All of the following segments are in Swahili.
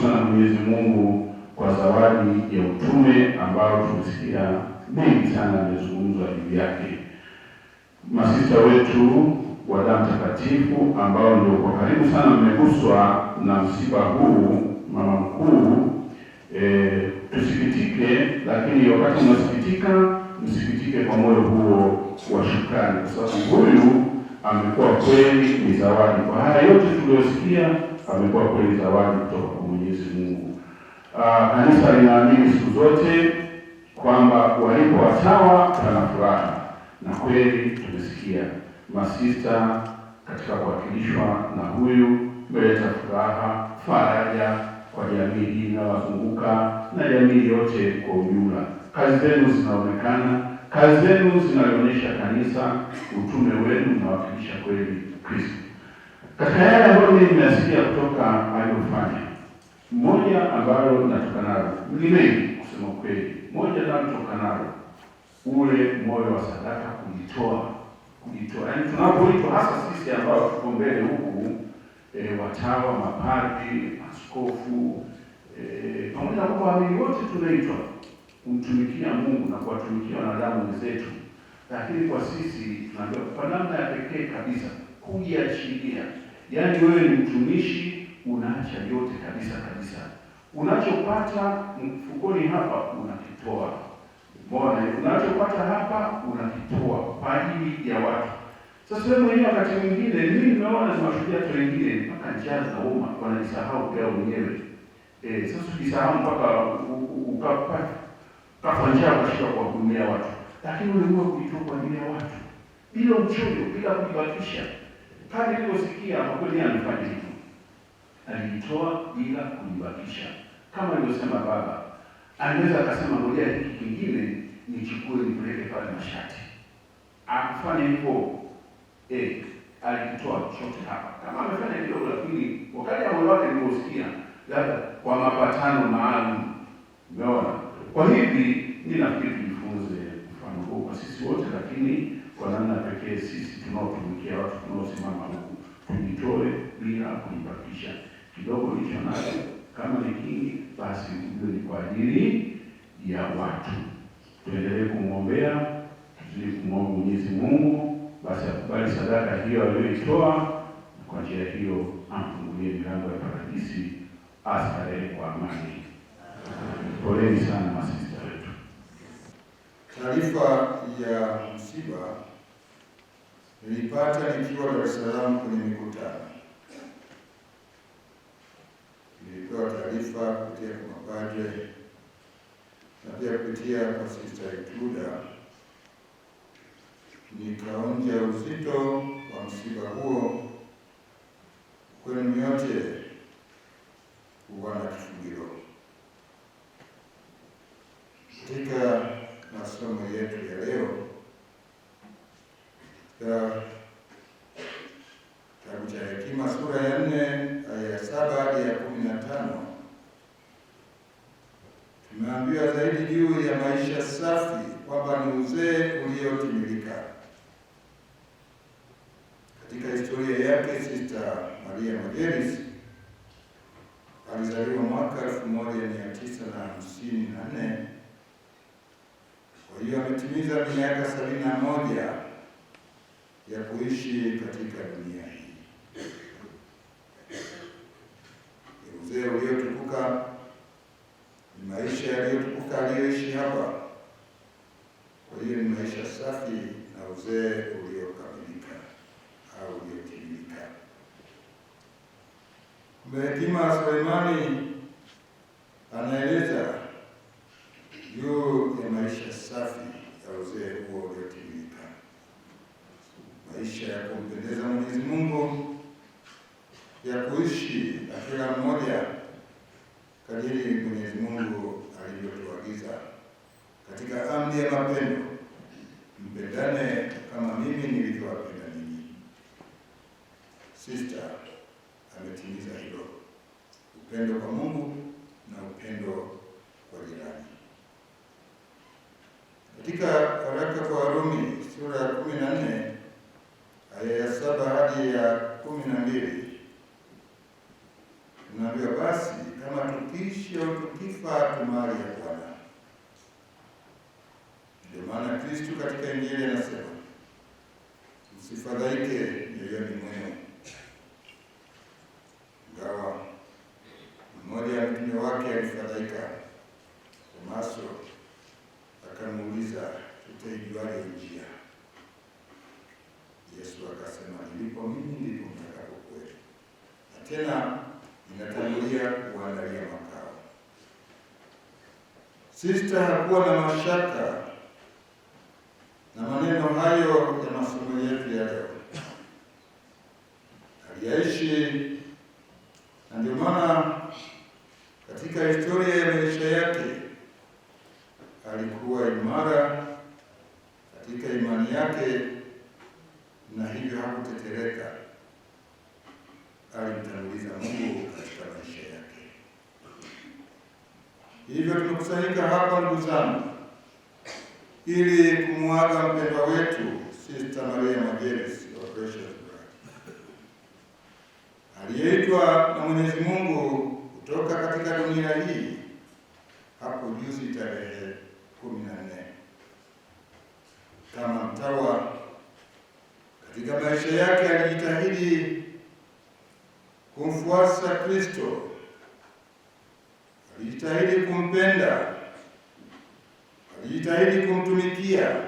sana Mwenyezi Mungu kwa zawadi ya utume ambao tumesikia mengi sana amezungumzwa juu yake. Masista wetu wa damu takatifu ambao ndio kwa karibu sana mmeguswa na msiba huu mama mkuu, e, tusikitike, lakini wakati mnasikitika, msikitike kwa moyo huo wa shukrani, kwa sababu huyu amekuwa kweli ni zawadi. Kwa haya yote tuliyosikia, amekuwa kweli zawadi kutoka Mwenyezi Mungu. Ah, kanisa linaamini siku zote kwamba walipo watawa pana furaha, na kweli tumesikia masista katika kuwakilishwa na huyu meleta furaha, faraja kwa jamii inawazunguka na jamii yote kwa ujumla. Kazi zenu zinaonekana, kazi zenu zinaonyesha kanisa, utume wenu unawakilisha kweli Kristo katika yale ambayo mimi nimesikia kutoka aliyofanya moja ambalo natoka nayo ni mengi kusema kweli, moja natoka nalo ule moyo wa sadaka, kujitoa, kujitoa. Yaani tunapoitwa hasa sisi ambao tuko mbele huku, e, watawa, mapadri, askofu e, pamoja na waamini wote tunaitwa kumtumikia Mungu na kuwatumikia wanadamu wenzetu, lakini kwa sisi tunaambiwa kwa namna ya pekee kabisa kujiachilia, yaani wewe ni mtumishi unaacha yote kabisa kabisa, unachopata mfukoni hapa unakitoa. Mbona unachopata hapa unakitoa kwa ajili ya watu. Sasa wewe mwenyewe wakati mwingine, mimi nimeona tunashuhudia watu wengine mpaka njaa za umma wanajisahau pia wenyewe. e, sasa ukisahau mpaka ukapata kafa njaa ukashika kuwahudumia watu, lakini ulikuwa kujitoa kwa ajili ya watu bila uchoyo, bila kujibakisha, kama nilivyosikia makweli, amefanya anafanya alitoa bila kulibakisha. Kama alivyosema baba, anaweza akasema ngoja hiki kingine nichukue nipeleke pale Mashati. Akufanya hivyo eh, alikitoa chote hapa. Kama amefanya kidogo, lakini wakati ya moyo wake niliosikia labda kwa mapatano maalum, umeona. Kwa hivi ni nafikiri tujifunze mfano huu kwa sisi wote, lakini kwa namna pekee sisi tunaotumikia watu tunaosimama huku tujitoe bila kulibakisha kidogo ulicho nacho, kama ni kingi, basi hiyo ni kwa ajili ya watu. Tuendelee kumwombea, tuzidi kumwomba Mwenyezi Mungu basi akubali sadaka hiyo aliyoitoa, kwa njia hiyo amfungulie milango ya paradisi, astarehe kwa amani. Poleni sana masista wetu. Taarifa ya msiba nilipata nikiwa Dar es Salaam kwenye mikutano nilipewa taarifa kupitia kwa mapadre na pia kupitia kwa Sista Ituda, nikaonja uzito વહેતીમાં સ્વૈમાની upendo kwa Mungu na upendo kwa jirani. Katika waraka kwa Warumi sura ya kumi na nne aya ya saba hadi ya kumi na mbili tunaambiwa basi, kama tukiishi au tukifa, tu mali ya Bwana. Ndio maana Kristu katika Injili anasema msifadhaike mioyoni mwenu alifadhaika Tomaso akamuuliza tutaijuaje njia? Yesu akasema nilipo mimi ndipo mtakapo kweli, na tena ninatangulia kuandalia makao. Sista hakuwa na mashaka na maneno hayo ya masomo yetu ya leo, aliyaishi nne kama mtawa. Katika maisha yake alijitahidi kumfuasa Kristo, alijitahidi kumpenda, alijitahidi kumtumikia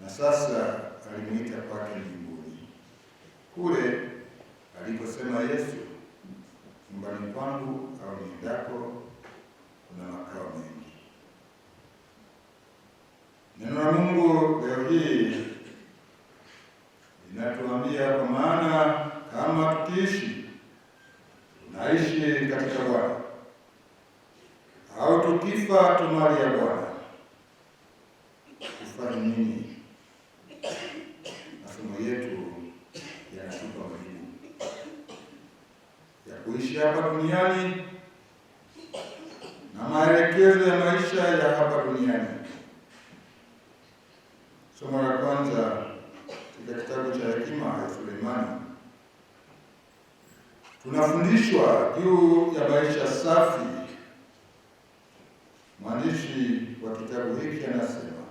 na sasa alimwita kwake mbinguni, kule aliposema Yesu, nyumbani kwangu au niendako kuna makao mengi. Neno la Mungu leo hii linatuambia kwa maana kama tukiishi tunaishi katika Bwana, au tukifa tu mali ya Bwana. Kufanya nini? Masomo yetu yanatupa majibu ya kuishi hapa duniani na maelekezo ya maisha ya hapa duniani. Somo la kwanza katika kitabu cha Hekima ya Suleimani. Tunafundishwa juu ya maisha safi. Mwandishi wa kitabu hiki anasema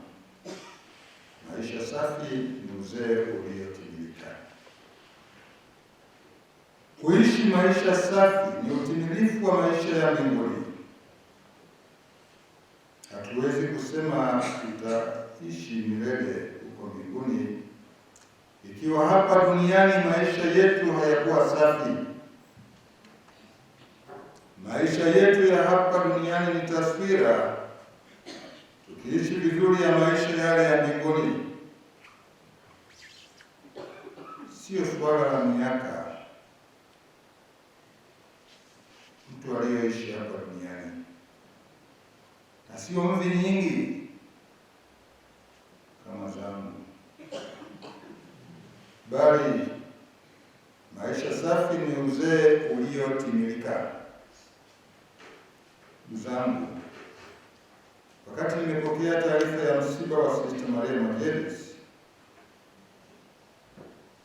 maisha safi ni uzee uliotimilika. Kuishi maisha safi ni utimilifu wa maisha ya mbinguni. Hatuwezi kusema tuta akiishi milele huko mbinguni. Ikiwa hapa duniani maisha yetu hayakuwa safi, maisha yetu ya hapa duniani ni taswira, tukiishi vizuri, ya maisha yale ya mbinguni. Sio swala la miaka mtu aliyoishi hapa duniani, na sio mvi nyingi njama zangu, bali maisha safi ni uzee uliotimilika. Mzangu, wakati nimepokea taarifa ya msiba wa Sista Maria Majelis,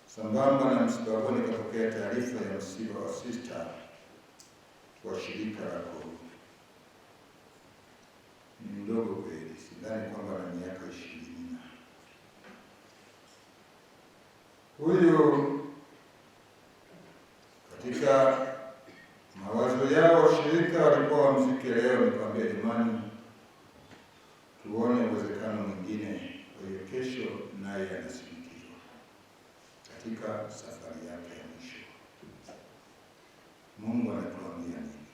sambamba na msiba huo nikapokea taarifa ya msiba wa sista wa shirika lako. Ni mdogo kweli, sidhani kwamba Huyu katika mawazo yao washirika walikuwa wamziki leo, nikwambia jamani, tuone uwezekano mwingine. Kwa hiyo kesho naye anasindikiwa katika safari yake ya mwisho. Mungu anatuambia nini?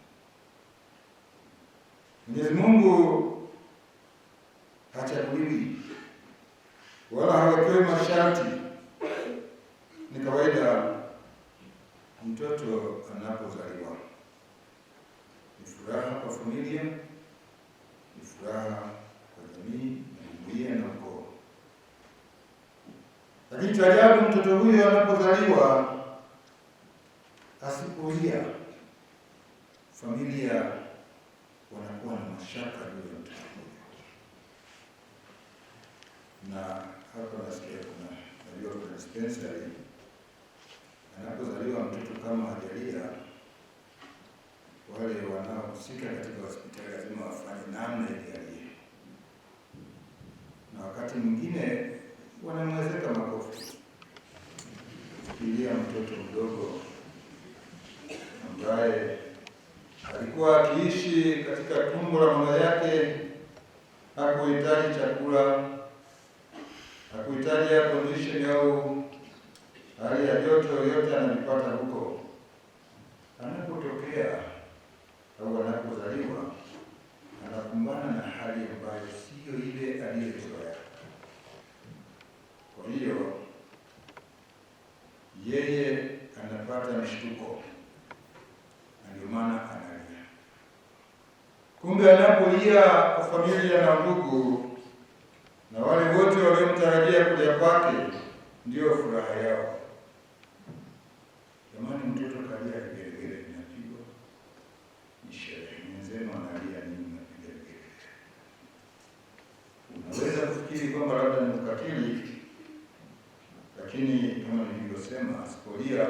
Mwenyezi Mungu hachaguliwi wala hawekei masharti ni kawaida mtoto anapozaliwa ni furaha kwa familia, ni furaha kwa jamii na jumuiya na ukoo, lakini cha ajabu mtoto huyo anapozaliwa asipolia, familia wanakuwa na mashaka juu ya mtoto na hapa nasikia kuna najua kuna dispensary anapozaliwa mtoto kama hajalia, wale wanaohusika katika hospitali lazima wafanye namna ili na wakati mwingine wanamwezeka makofi. Fikiria mtoto mdogo ambaye alikuwa akiishi katika tumbo la mama yake, hakuhitaji chakula, hakuhitaji air condition au ya joto yote anavipata huko anapotokea au anapozaliwa, anakumbana na hali ambayo siyo ile aliyozoea. Kwa hiyo yeye anapata mshtuko, ndio maana analia. Kumbe anapolia kwa familia na ndugu na wale wote waliomtarajia kuja kwake, ndio furaha yao. Jamani, mtoto kalia kigeregere kinapigwa, ni sherehe. Mwenzenu analia nini? Napiga kigeregere. Unaweza kufikiri kwamba labda ni ukatili, lakini kama nilivyosema, asipolia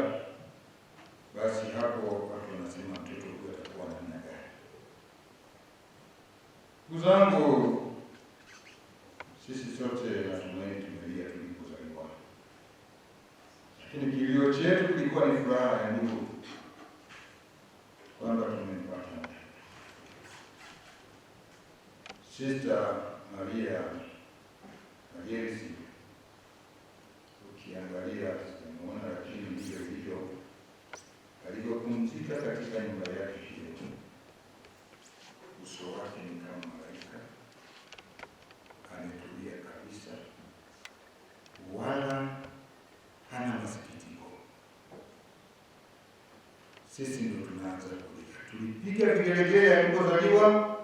sisi ndio tunaanza kulia. Tulipiga vigelegele alipozaliwa,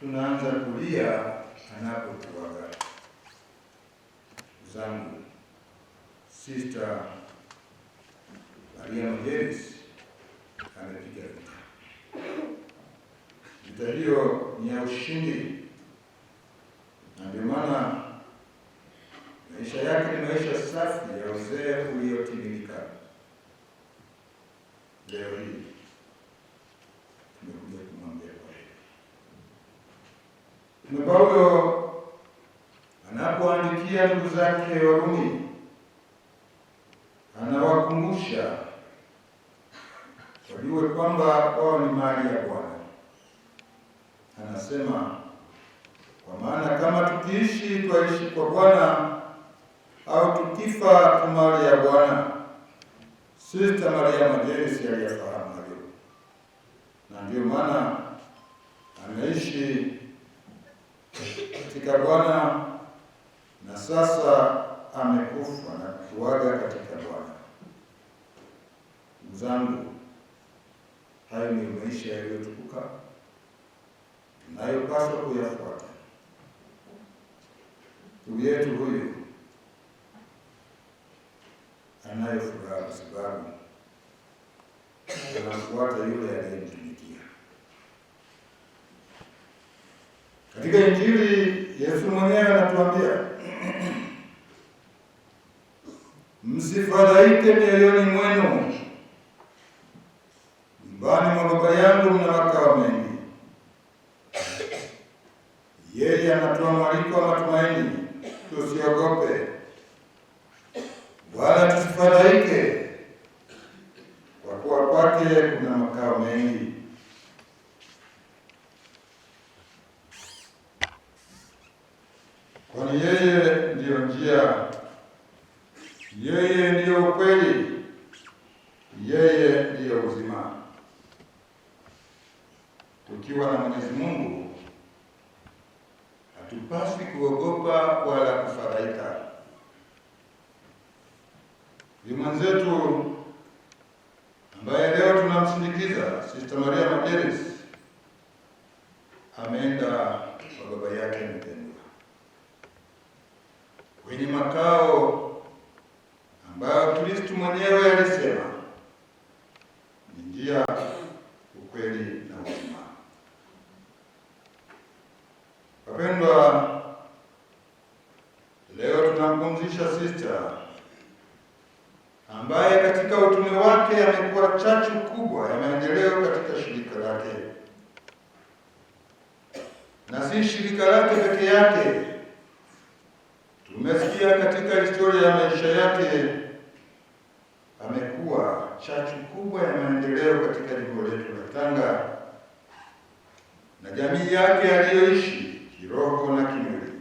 tunaanza kulia anapotuaga. Zangu Sister Maria Mojeris amepiga vita. Vita hiyo ni ya ushindi, na ndio maana maisha yake ni maisha safi ya uzee uliotimia kuwatumikia ndugu zake Warumi, anawakumbusha wajue kwamba wao ni mali ya Bwana. Anasema, kwa maana kama tukiishi twaishi kwa Bwana, au tukifa tu mali ya Bwana. Sista Maria Majenesi aliyafahamu hayo, na ndiyo maana anaishi katika Bwana na sasa amekufa na kutuaga katika Bwana. Mzangu, hayo ni maisha yaliyotukuka tunayopaswa kuyafuata. Ndugu yetu huyu anayo furaha kwa sababu anafuata yule aliyemtumikia. Katika Injili Yesu mwenyewe anatuambia Misericórdia aí, temei eu, nem yeye ndiyo uzima. Tukiwa na Mwenyezi Mungu hatupaswi kuogopa wala kufadhaika. Ni mwenzetu ambaye leo tunamsindikiza Sister Maria Majelis ameenda kwa baba yake mpendwa kwenye makao ambayo Kristo mwenyewe alisema ni njia, ukweli na uzima. Wapendwa, leo tunampumzisha sista ambaye katika utume wake amekuwa chachu kubwa ya maendeleo katika shirika lake, na si shirika lake peke yake. Tumesikia katika historia ya maisha yake amekuwa chachu kubwa ya leo katika jimbo letu la Tanga na jamii yake aliyoishi kiroho na kimwili.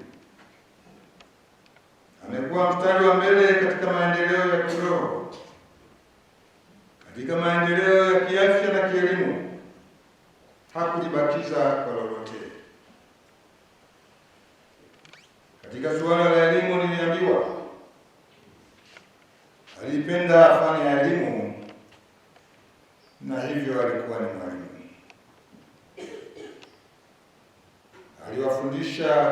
Amekuwa mstari wa mbele katika maendeleo ya kiroho, katika maendeleo ya kiafya na kielimu. Hakujibakiza kwa lolote. Katika suala la elimu, niliambiwa alipenda fani ya elimu na hivyo alikuwa ni mwalimu, aliwafundisha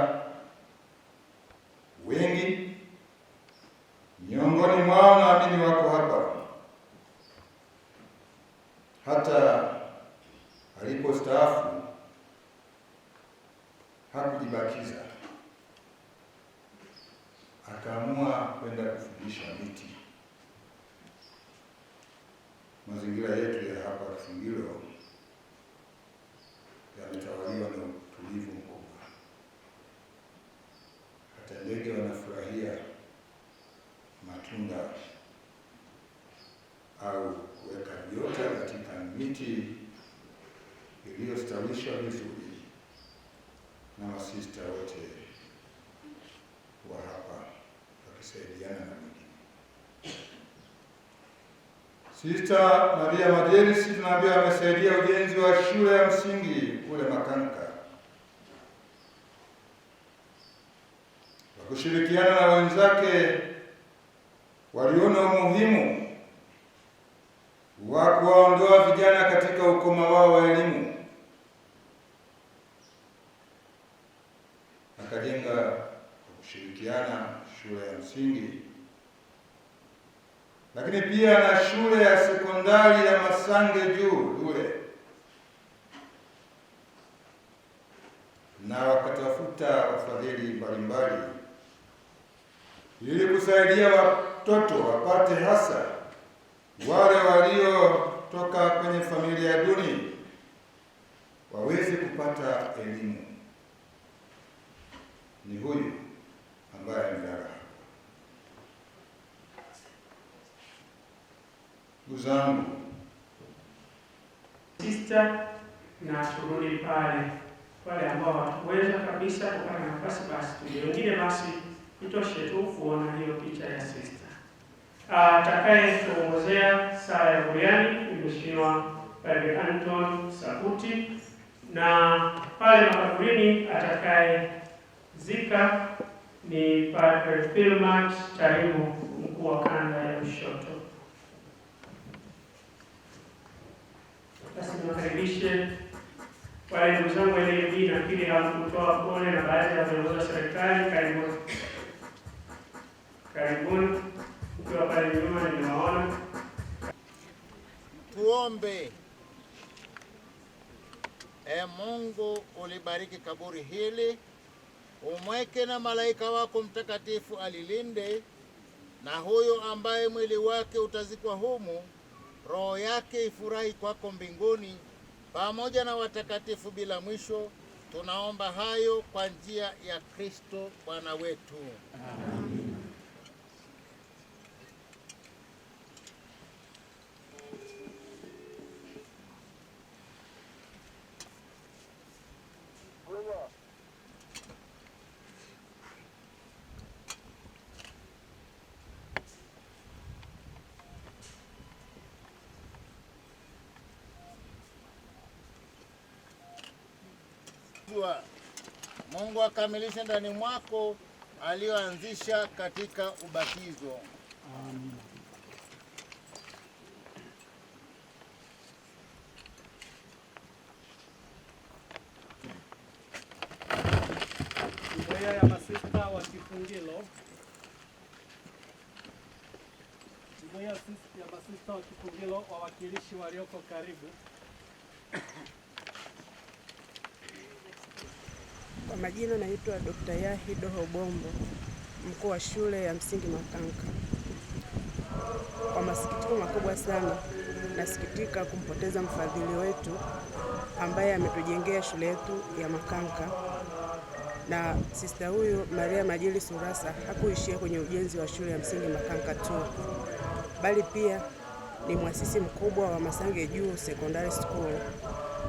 miti iliyostawishwa vizuri na masista wote wa hapa wakisaidiana na mwingine. Sista Maria Majerisi tunaambiwa amesaidia ujenzi wa shule ya msingi kule Makanka kwa kushirikiana na wenzake waliona umuhimu wa kuwaondoa vijana katika ukoma wao wa elimu, akajenga kwa kushirikiana shule ya msingi, lakini pia na shule ya sekondari ya Masange juu Lule, na wakatafuta wafadhili mbalimbali ili kusaidia watoto wapate hasa wale waliotoka kwenye familia duni waweze kupata elimu ni huyu ambaye amelala. Ndugu zangu, sista na shughuli pale, wale ambao hatuweza kabisa kupata nafasi, basi wengine, basi itoshe tu kuona hiyo picha ya sista atakayetuongozea saa ya buriani ni Mheshimiwa Padre Anton Sabuti, na pale makaburini atakayezika ni Padre Filmat Tarimo, mkuu wa kanda ya Lushoto. Basi niwakaribishe wale ndugu zangu enei, la kutoa pole na baadhi ya viongozi wa serikali. Karibuni, karibuni pale nyuma Tuombe. E Mungu, ulibariki kaburi hili, umweke na malaika wako mtakatifu alilinde, na huyo ambaye mwili wake utazikwa humu, roho yake ifurahi kwako mbinguni, pamoja na watakatifu bila mwisho. Tunaomba hayo kwa njia ya Kristo Bwana wetu. Amen. hatua. Mungu akamilishe ndani mwako aliyoanzisha katika ubatizo. Amen. Jumuiya ya masista wa Kifungilo. Jumuiya ya masista wa Kifungilo, wawakilishi walioko karibu Kwa majina naitwa Dr. Yahi Doho Bombo, mkuu wa shule ya msingi Makanka. Kwa masikitiko makubwa sana nasikitika kumpoteza mfadhili wetu ambaye ametujengea shule yetu ya Makanka, na sista huyu Maria Majili Surasa hakuishia kwenye ujenzi wa shule ya msingi Makanka tu, bali pia ni mwasisi mkubwa wa Masange Juu Secondary School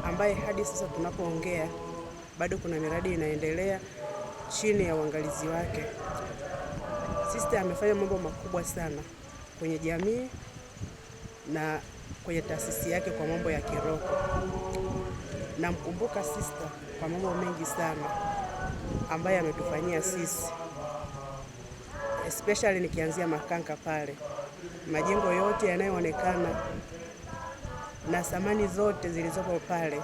ambaye hadi sasa tunapoongea bado kuna miradi inaendelea chini ya uangalizi wake. Sister amefanya mambo makubwa sana kwenye jamii na kwenye taasisi yake kwa mambo ya kiroho. Namkumbuka sister kwa mambo mengi sana ambayo ametufanyia sisi, especially nikianzia Makanka pale, majengo yote yanayoonekana na samani zote zilizopo pale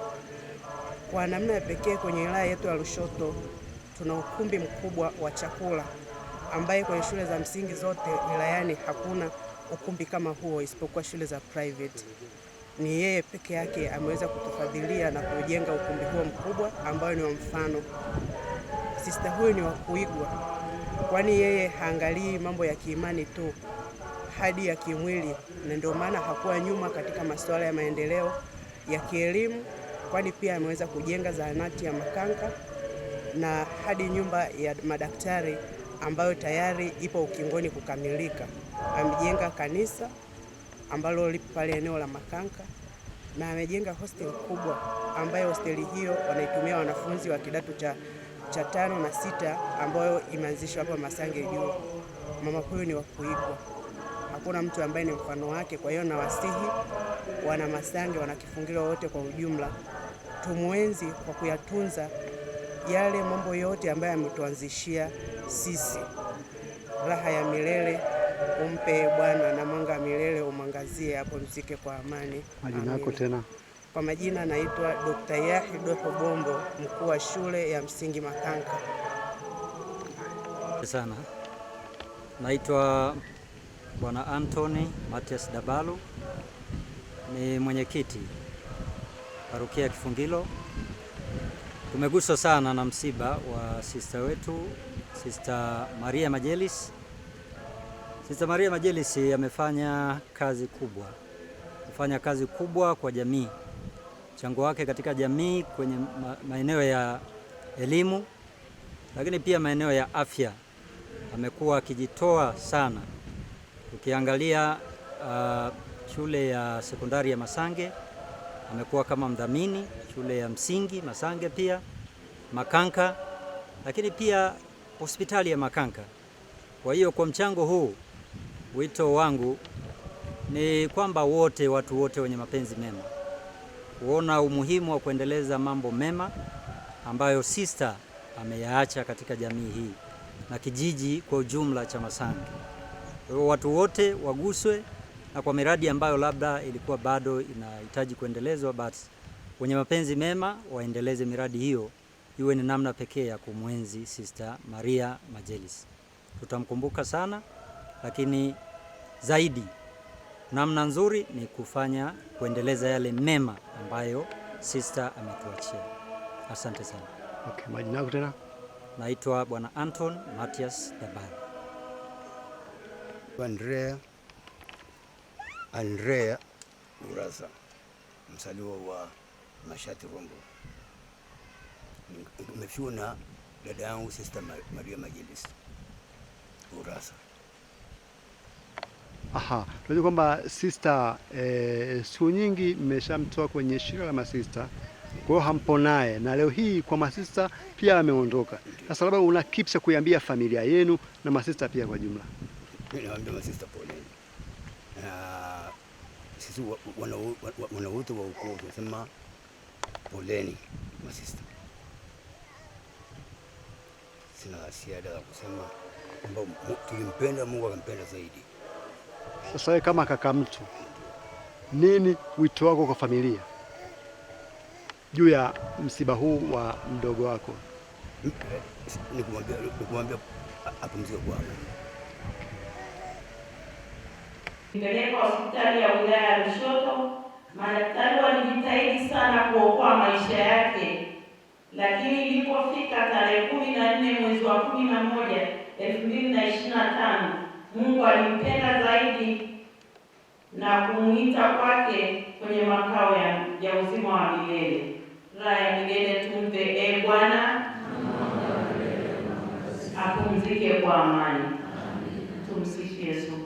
kwa namna ya pekee kwenye wilaya yetu ya Lushoto tuna ukumbi mkubwa wa chakula ambaye kwenye shule za msingi zote wilayani hakuna ukumbi kama huo isipokuwa shule za private. Ni yeye peke yake ameweza kutufadhilia na kujenga ukumbi huo mkubwa ambao ni wa mfano. Sista huyu ni wa kuigwa, kwani yeye haangalii mambo ya kiimani tu, hadi ya kimwili, na ndio maana hakuwa nyuma katika masuala ya maendeleo ya kielimu kwani pia ameweza kujenga zahanati ya Makanga na hadi nyumba ya madaktari ambayo tayari ipo ukingoni kukamilika. Amejenga kanisa ambalo lipo pale eneo la Makanga na amejenga hostel kubwa ambayo hosteli hiyo wanaitumia wanafunzi wa kidato cha, cha tano na sita ambayo imeanzishwa hapa Masange juu. Mama huyu ni wa kuigwa, hakuna mtu ambaye ni mfano wake. Kwa hiyo nawasihi wana Masange, wana Kifungilo wote kwa ujumla tumwenzi kwa kuyatunza yale mambo yote ambayo ametuanzishia sisi. Raha ya milele umpe Bwana, na mwanga milele umwangazie, apumzike kwa amani. Majina yako tena? Kwa majina naitwa Dr. Yahi doho Bombo, mkuu wa shule ya msingi Makanka. Sana, naitwa Bwana Anthony Matias Dabalu, ni mwenyekiti Parokia Kifungilo. Tumeguswa sana na msiba wa sista wetu Sista Maria Majelis. Sista Maria Majelis amefanya kazi kubwa, amefanya kazi kubwa kwa jamii. Mchango wake katika jamii kwenye maeneo ya elimu, lakini pia maeneo ya afya amekuwa akijitoa sana. Ukiangalia uh, shule ya sekondari ya Masange amekuwa kama mdhamini shule ya msingi Masange, pia Makanka, lakini pia hospitali ya Makanka. Kwa hiyo kwa mchango huu, wito wangu ni kwamba wote, watu wote wenye mapenzi mema kuona umuhimu wa kuendeleza mambo mema ambayo sista ameyaacha katika jamii hii na kijiji kwa ujumla cha Masange. Kwa hiyo watu wote waguswe na kwa miradi ambayo labda ilikuwa bado inahitaji kuendelezwa, but wenye mapenzi mema waendeleze miradi hiyo, iwe ni namna pekee ya kumwenzi Sister Maria Majelis. Tutamkumbuka sana, lakini zaidi namna nzuri ni kufanya kuendeleza yale mema ambayo sister ametuachia. Asante sana. Okay, majina yako tena? Naitwa Bwana Anton Matias Dabari Andrea. Andrea urasa msaliwa wa Mashati Rombo, nimefiwa na dada yangu Sister Maria Majelis Buraza. Aha, tunajua kwamba sister eh, siku nyingi mmeshamtoa kwenye shirika la masista, kwa hiyo hampo naye na leo hii kwa masista pia ameondoka. Sasa labda una kipsa kuiambia familia yenu na masista pia kwa jumla? Mimi masista pole sisi wana wa ukoo tunasema poleni masista. Sina siada ya kusema kwamba tulimpenda Mungu akampenda zaidi. Sasa wewe kama kaka mtu, nini wito wako kwa familia juu ya msiba huu wa mdogo wako? Nikumwambia apumzike amani. Nilipelekwa hospitali ya wilaya ya Lushoto, madaktari walijitahidi sana kuokoa maisha yake, lakini ilipofika tarehe kumi na nne mwezi wa kumi na moja elfu mbili na ishirini na tano Mungu alimpenda zaidi na kumuita kwake kwenye makao ya, ya uzima wa milele. Raha ya milele tumpe e Bwana, apumzike kwa amani. Tumsifu Yesu.